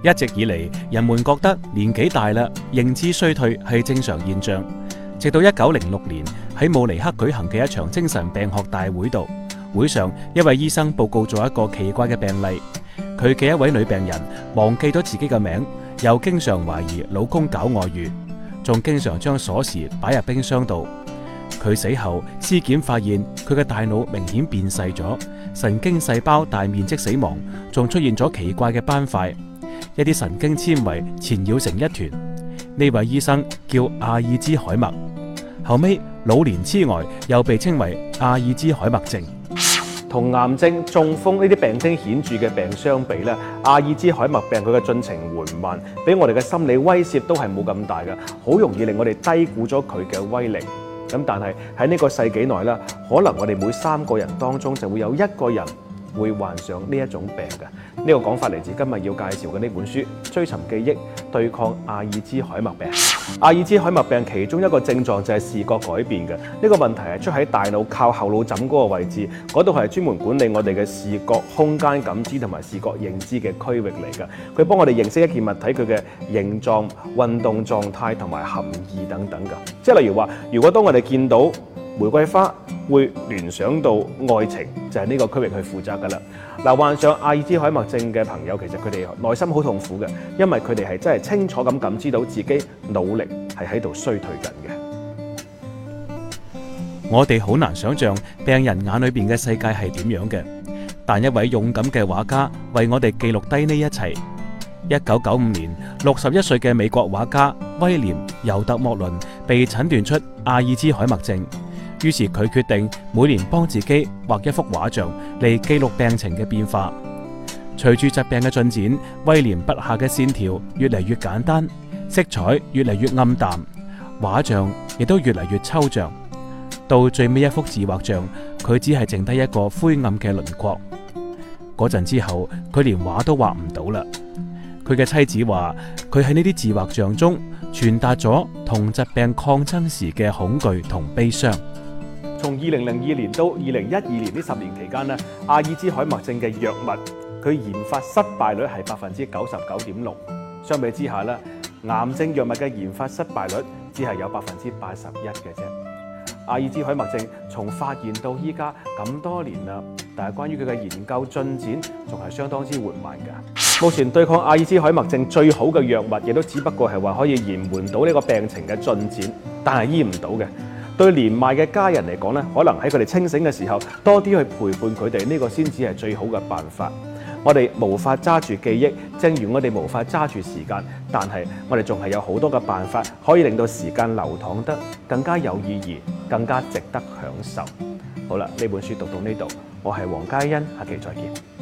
一直以嚟，人們覺得年紀大啦，認知衰退係正常現象。直到一九零六年喺慕尼黑舉行嘅一場精神病學大會度，會上一位醫生報告咗一個奇怪嘅病例。佢嘅一位女病人忘記咗自己嘅名，又經常懷疑老公搞外遇，仲經常將鎖匙擺入冰箱度。佢死後，屍檢發現佢嘅大腦明顯變細咗，神經細胞大面積死亡，仲出現咗奇怪嘅斑塊。一啲神經纖維纏繞成一團，呢位醫生叫阿爾茨海默，後尾老年痴呆又被稱為阿爾茨海默症。同癌症、中風呢啲病症顯著嘅病相比咧，阿爾茨海默病佢嘅進程緩慢，俾我哋嘅心理威脅都係冇咁大嘅，好容易令我哋低估咗佢嘅威力。咁但係喺呢個世紀內咧，可能我哋每三個人當中就會有一個人。會患上呢一種病嘅，呢個講法嚟自今日要介紹嘅呢本書《追尋記憶：對抗阿爾茨海默病》。阿爾茨海默病其中一個症狀就係視覺改變嘅，呢個問題係出喺大腦靠後腦枕嗰個位置，嗰度係專門管理我哋嘅視覺空間感知同埋視覺認知嘅區域嚟嘅，佢幫我哋認識一件物體佢嘅形狀、運動狀態同埋含義等等㗎。即係例如話，如果當我哋見到玫瑰花，會聯想到愛情就係、是、呢個區域去負責噶啦。嗱，患上阿爾茨海默症嘅朋友，其實佢哋內心好痛苦嘅，因為佢哋係真係清楚咁感知到自己努力係喺度衰退緊嘅。我哋好難想象病人眼裏邊嘅世界係點樣嘅，但一位勇敢嘅畫家為我哋記錄低呢一切。一九九五年，六十一歲嘅美國畫家威廉尤特莫倫被診斷出阿爾茨海默症。於是佢決定每年幫自己畫一幅畫像嚟記錄病情嘅變化。隨住疾病嘅進展，威廉筆下嘅線條越嚟越簡單，色彩越嚟越暗淡，畫像亦都越嚟越抽象。到最尾一幅自畫像，佢只係剩低一個灰暗嘅輪廓。嗰陣之後，佢連畫都畫唔到啦。佢嘅妻子話，佢喺呢啲自畫像中傳達咗同疾病抗爭時嘅恐懼同悲傷。從二零零二年到二零一二年呢十年期間呢，阿爾茨海默症嘅藥物佢研發失敗率係百分之九十九點六。相比之下呢，癌症藥物嘅研發失敗率只係有百分之八十一嘅啫。阿爾茨海默症從發現到依家咁多年啦，但係關於佢嘅研究進展仲係相當之緩慢㗎。目前對抗阿爾茨海默症最好嘅藥物，亦都只不過係話可以延緩到呢個病情嘅進展，但係醫唔到嘅。對年邁嘅家人嚟講咧，可能喺佢哋清醒嘅時候，多啲去陪伴佢哋，呢個先至係最好嘅辦法。我哋無法揸住記憶，正如我哋無法揸住時間，但係我哋仲係有好多嘅辦法，可以令到時間流淌得更加有意義，更加值得享受。好啦，呢本書讀到呢度，我係黃嘉欣，下期再見。